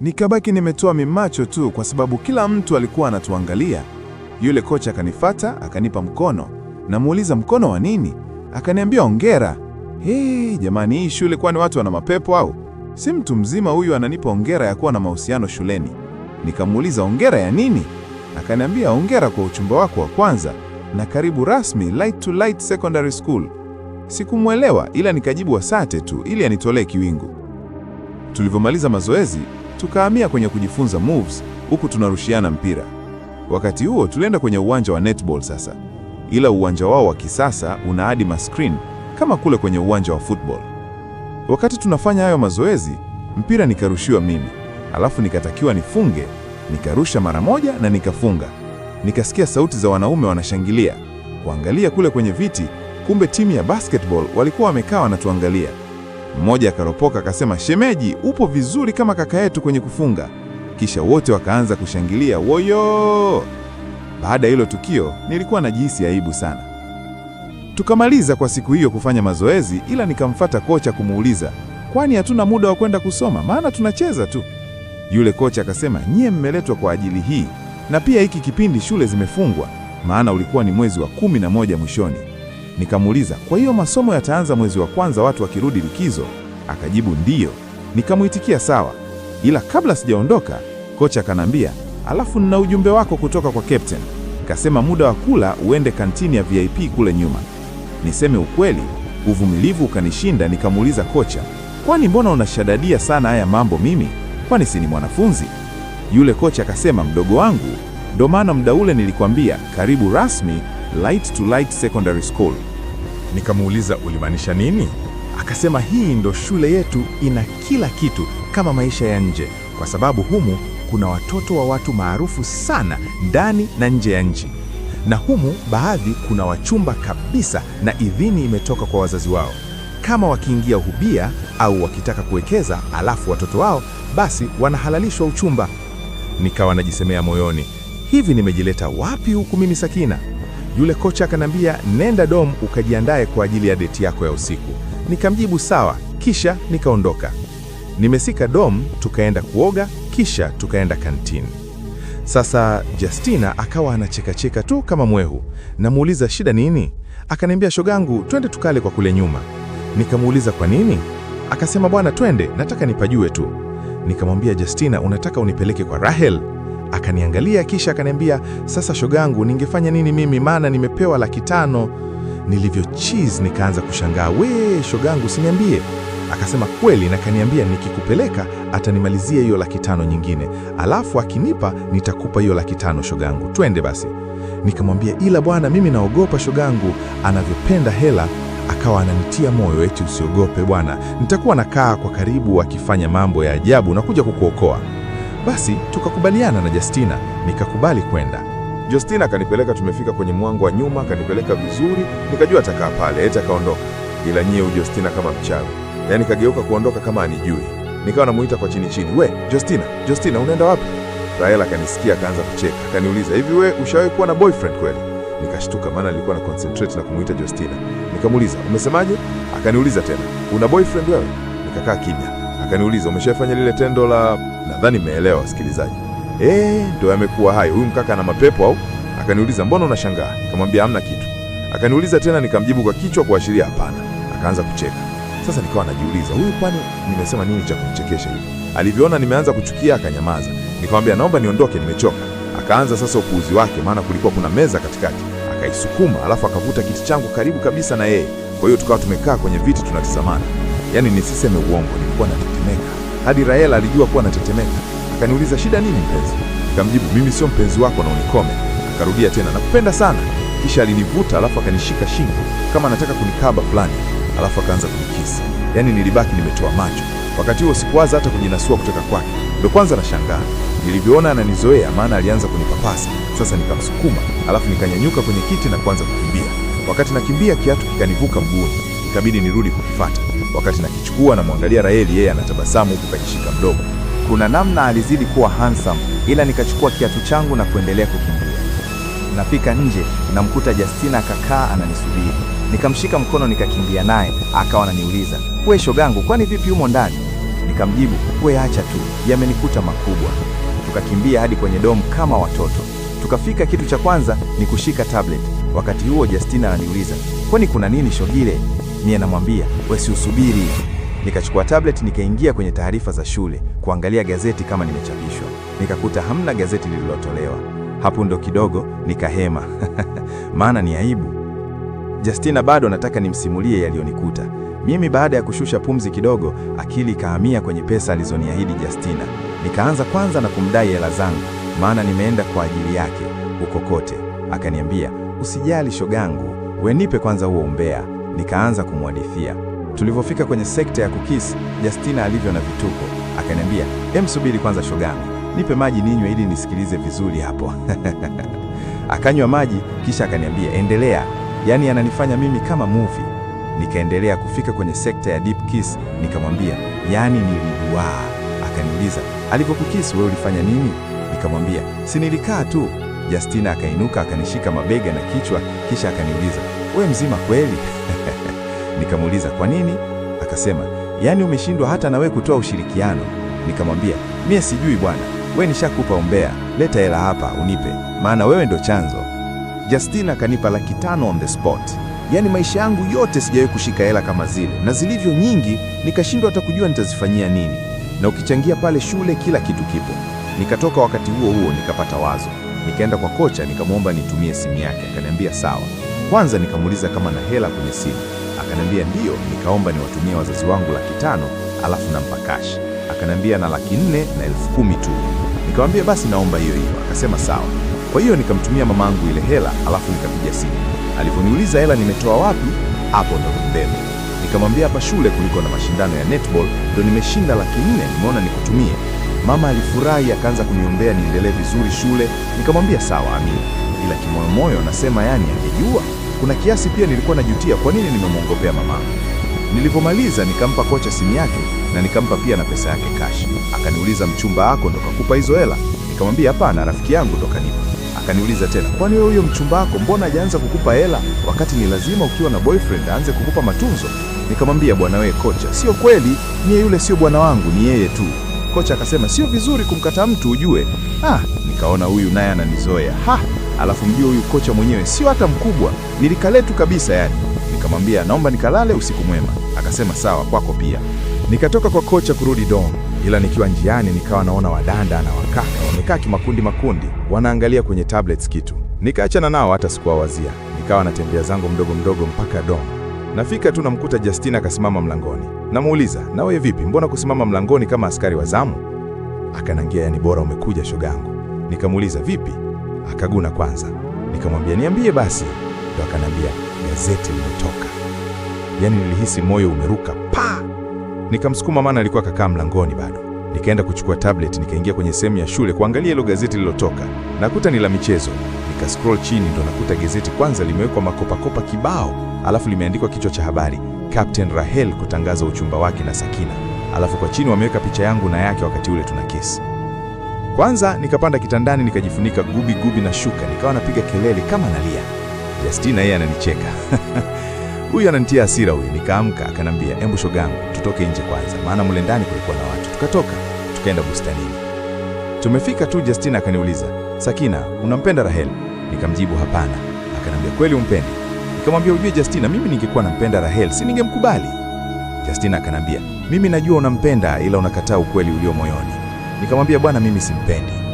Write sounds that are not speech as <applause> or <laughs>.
Nikabaki nimetoa mimacho tu, kwa sababu kila mtu alikuwa anatuangalia. Yule kocha akanifata akanipa mkono, namuuliza mkono wa nini? Akaniambia ongera Hey, jamani, hii shule kwani watu wana mapepo au? Si mtu mzima huyu ananipa ongera ya kuwa na mahusiano shuleni. Nikamuuliza ongera ya nini? Akaniambia ongera kwa uchumba wako wa kwanza na karibu rasmi Light to Light Secondary School. Sikumwelewa ila nikajibu asante tu ili anitolee kiwingu. Tulivyomaliza mazoezi tukahamia kwenye kujifunza moves huku tunarushiana mpira. Wakati huo tulienda kwenye uwanja wa netball sasa, ila uwanja wao wa kisasa una hadi maskrin kama kule kwenye uwanja wa football. Wakati tunafanya hayo mazoezi, mpira nikarushiwa mimi, alafu nikatakiwa nifunge. Nikarusha mara moja na nikafunga. Nikasikia sauti za wanaume wanashangilia. Kuangalia kule kwenye viti, kumbe timu ya basketball walikuwa wamekaa wanatuangalia. Mmoja akaropoka akasema, shemeji, upo vizuri kama kaka yetu kwenye kufunga. Kisha wote wakaanza kushangilia woyo. Baada ya hilo tukio, nilikuwa najihisi aibu sana. Tukamaliza kwa siku hiyo kufanya mazoezi, ila nikamfata kocha kumuuliza, kwani hatuna muda wa kwenda kusoma, maana tunacheza tu. Yule kocha akasema, nyie mmeletwa kwa ajili hii, na pia hiki kipindi shule zimefungwa, maana ulikuwa ni mwezi wa kumi na moja mwishoni. Nikamuuliza, kwa hiyo masomo yataanza mwezi wa kwanza watu wakirudi likizo? Akajibu ndiyo. Nikamuitikia sawa, ila kabla sijaondoka, kocha akanambia, alafu nina ujumbe wako kutoka kwa captain. Nikasema muda wa kula uende kantini ya VIP kule nyuma. Niseme ukweli, uvumilivu ukanishinda. Nikamuuliza kocha, kwani mbona unashadadia sana haya mambo mimi? Kwani si ni mwanafunzi? Yule kocha akasema, mdogo wangu, ndo maana mda ule nilikwambia karibu rasmi Light to Light Secondary School. Nikamuuliza ulimaanisha nini? Akasema hii ndo shule yetu, ina kila kitu kama maisha ya nje, kwa sababu humu kuna watoto wa watu maarufu sana ndani na nje ya nchi, na humu baadhi kuna wachumba kabisa na idhini imetoka kwa wazazi wao. Kama wakiingia hubia au wakitaka kuwekeza alafu watoto wao, basi wanahalalishwa uchumba. Nikawa najisemea moyoni, hivi nimejileta wapi huku mimi Sakina? Yule kocha akanambia, nenda dom ukajiandae kwa ajili ya deti yako ya usiku. Nikamjibu sawa, kisha nikaondoka. Nimesika dom, tukaenda kuoga, kisha tukaenda kantini. Sasa Justina akawa anachekacheka tu kama mwehu. Namuuliza shida nini? Akaniambia, shogangu, twende tukale kwa kule nyuma. Nikamuuliza kwa nini? Akasema, bwana, twende, nataka nipajue tu. Nikamwambia Justina, unataka unipeleke kwa Rahel? Akaniangalia kisha akaniambia, sasa shogangu, ningefanya nini mimi, maana nimepewa laki tano. Nilivyo cheese nikaanza kushangaa, we shogangu, siniambie. Akasema kweli, na kaniambia nikikupeleka atanimalizia hiyo laki tano nyingine, alafu akinipa nitakupa hiyo laki tano shogangu, twende basi. Nikamwambia ila bwana, mimi naogopa shogangu, anavyopenda hela. Akawa ananitia moyo, eti usiogope bwana, nitakuwa nakaa kwa karibu akifanya mambo ya ajabu na kuja kukuokoa. Basi tukakubaliana na Justina, nikakubali kwenda. Justina akanipeleka, tumefika kwenye mwango wa nyuma, akanipeleka vizuri, nikajua atakaa pale, eti akaondoka. Ila nyie, huyu Justina kama mchawi, yaani kageuka kuondoka kama anijui. Nikawa namuita kwa chini chini, we Justina, Justina, unaenda wapi? Rahela akanisikia akaanza kucheka, akaniuliza hivi, we ushawahi kuwa na boyfriend kweli? Nikashtuka maana nilikuwa na concentrate na kumuita Justina. Nikamuuliza umesemaje? Akaniuliza tena, una boyfriend wewe? Nikakaa kimya. Akaniuliza umeshafanya lile tendo la Nadhani mmeelewa wasikilizaji. Eh, ndo yamekuwa hayo. Huyu mkaka ana mapepo au? Akaniuliza mbona unashangaa? Nikamwambia hamna kitu. Akaniuliza tena, nikamjibu kwa kichwa kuashiria hapana. Akaanza kucheka. Sasa nikawa najiuliza huyu, kwani nimesema nini cha kumchekesha hivi? Alivyoona nimeanza kuchukia akanyamaza. Nikamwambia naomba niondoke, nimechoka. Akaanza sasa upuuzi wake, maana kulikuwa kuna meza katikati, akaisukuma alafu akavuta kiti changu karibu kabisa na yeye. Kwa hiyo tukawa tumekaa kwenye viti tunatizamana. Yaani nisiseme uongo, nilikuwa natetemeka hadi Raela alijua kuwa natetemeka. Akaniuliza, shida nini mpenzi? Nikamjibu, mimi sio mpenzi wako na unikome. Akarudia tena, nakupenda sana. Kisha alinivuta alafu akanishika shingo kama anataka kunikaba fulani, alafu akaanza kunikisa. Yaani nilibaki nimetoa macho. Wakati huo sikuwaza hata kujinasua kutoka kwake. Ndio kwanza nashangaa nilivyoona ananizoea, maana alianza kunipapasa. Sasa nikamsukuma, alafu nikanyanyuka kwenye kiti na kuanza kukimbia. Wakati nakimbia, kiatu kikanivuka mguuni ikabidi nirudi kukifata. Wakati nakichukua namwangalia Raheli, yeye anatabasamu huku kajishika mdomo. Kuna namna alizidi kuwa handsome, ila nikachukua kiatu changu na kuendelea kukimbia. Nafika nje namkuta Justina akakaa ananisubiri, nikamshika mkono nikakimbia naye. Akawa ananiuliza we shogangu, kwani vipi humo ndani? Nikamjibu we acha tu, yamenikuta makubwa. Tukakimbia hadi kwenye domu kama watoto. Tukafika, kitu cha kwanza ni kushika tablet. Wakati huo Justina ananiuliza kwani kuna nini Shogile? Mie namwambia wesiusubiri usubiri. Nikachukua tablet nikaingia kwenye taarifa za shule kuangalia gazeti kama nimechapishwa, nikakuta hamna gazeti lililotolewa. Hapo ndo kidogo nikahema <laughs> maana ni aibu. Justina bado nataka nimsimulie yaliyonikuta mimi. Baada ya kushusha pumzi kidogo, akili ikahamia kwenye pesa alizoniahidi Justina. Nikaanza kwanza na kumdai hela zangu, maana nimeenda kwa ajili yake huko kote. Akaniambia, usijali shogangu, wenipe kwanza huo umbea nikaanza kumwadithia tulivyofika kwenye sekta ya kukisi. Justina alivyo na vituko, akaniambia subiri kwanza shogangu, nipe maji ninywe ili nisikilize vizuri hapo <laughs> akanywa maji kisha akaniambia endelea, yaani ananifanya mimi kama muvi. Nikaendelea kufika kwenye sekta ya deep kiss, nikamwambia yaani niliduaa. Akaniuliza alivyokukisi wewe ulifanya nini? Nikamwambia si nilikaa tu. Justina akainuka akanishika mabega na kichwa kisha akaniuliza we mzima kweli? <laughs> Nikamuuliza kwa nini? Akasema, yaani umeshindwa hata na we kutoa ushirikiano. Nikamwambia, mie sijui bwana, we nishakupa umbea leta hela hapa unipe, maana wewe ndo chanzo. Justina akanipa laki tano on the spot. Yaani maisha yangu yote sijawahi kushika hela kama zile, na zilivyo nyingi nikashindwa hata kujua nitazifanyia nini, na ukichangia pale shule kila kitu kipo. Nikatoka wakati huo huo nikapata wazo, nikaenda kwa kocha nikamwomba nitumie simu yake, akaniambia sawa. Kwanza nikamuuliza kama na hela kwenye simu, akaniambia ndiyo. Nikaomba niwatumie wazazi wangu laki tano alafu nampa mpakashi akaniambia na laki nne na elfu kumi tu. Nikamwambia basi naomba hiyo hiyo, akasema sawa. Kwa hiyo nikamtumia mamangu ile hela, alafu nikapiga simu. Alivyoniuliza hela nimetoa wapi, hapo ndo mbele nikamwambia hapa shule kuliko na mashindano ya netball ndo nimeshinda laki nne, nimeona nikutumie. Mama alifurahi akaanza kuniombea niendelee vizuri shule. Nikamwambia sawa, amini, ila kimoyomoyo nasema yani angejua kuna kiasi pia nilikuwa najutia kwa nini nimemwongopea mamangu Nilipomaliza nikampa kocha simu yake na nikampa pia na pesa yake cash. Akaniuliza, mchumba wako ndo kakupa hizo hela? Nikamwambia hapana, rafiki yangu ndo kanipa. Akaniuliza tena, kwani wewe huyo mchumba wako mbona hajaanza kukupa hela, wakati ni lazima ukiwa na boyfriend aanze kukupa matunzo? Nikamwambia, bwana wewe kocha, sio kweli, niye yule sio bwana wangu, ni yeye tu. Kocha akasema sio vizuri kumkataa mtu ujue. Ah, nikaona huyu naye ananizoea ha alafu mjue huyu kocha mwenyewe sio hata mkubwa, nilikaletu kabisa yani. Nikamwambia naomba nikalale, usiku mwema. Akasema sawa, kwako pia. Nikatoka kwa kocha kurudi Dom, ila nikiwa njiani nikawa naona wadanda na wakaka wamekaa kimakundi makundi, wanaangalia kwenye tablets kitu. Nikaachana nao, hata sikuwawazia. Nikawa natembea zangu mdogo mdogo mpaka Dom. Nafika tu namkuta Justina akasimama mlangoni, namuuliza na wewe vipi, mbona kusimama mlangoni kama askari wa zamu? Akanangia, yani bora umekuja shogangu. Nikamuuliza vipi akaguna kwanza. Nikamwambia niambie basi, ndo akanambia gazeti limetoka. Yaani nilihisi moyo umeruka pa. Nikamsukuma, maana alikuwa kakaa mlangoni bado. Nikaenda kuchukua tablet, nikaingia kwenye sehemu ya shule kuangalia hilo gazeti lilotoka, nakuta ni la michezo. Nikascroll chini, ndo nakuta gazeti kwanza limewekwa makopakopa kibao, alafu limeandikwa kichwa cha habari, Captain Rahel kutangaza uchumba wake na Sakina, alafu kwa chini wameweka picha yangu na yake wakati ule tuna kesi. Kwanza nikapanda kitandani, nikajifunika gubi gubi na shuka, nikawa napiga kelele kama nalia. Justina yeye ananicheka <laughs> huyu ananitia hasira huyu. Nikaamka akanambia, embu shogangu, tutoke nje kwanza, maana mule ndani kulikuwa na watu. Tukatoka tukaenda bustanini. Tumefika tu, Justina akaniuliza, Sakina, unampenda Rahel? Nikamjibu hapana. Akanambia, kweli umpendi? Nikamwambia, ujue Justina, mimi ningekuwa nampenda Rahel si ningemkubali? Justina akanambia, mimi najua unampenda, ila unakataa ukweli ulio moyoni. Nikamwambia bwana, mimi simpendi.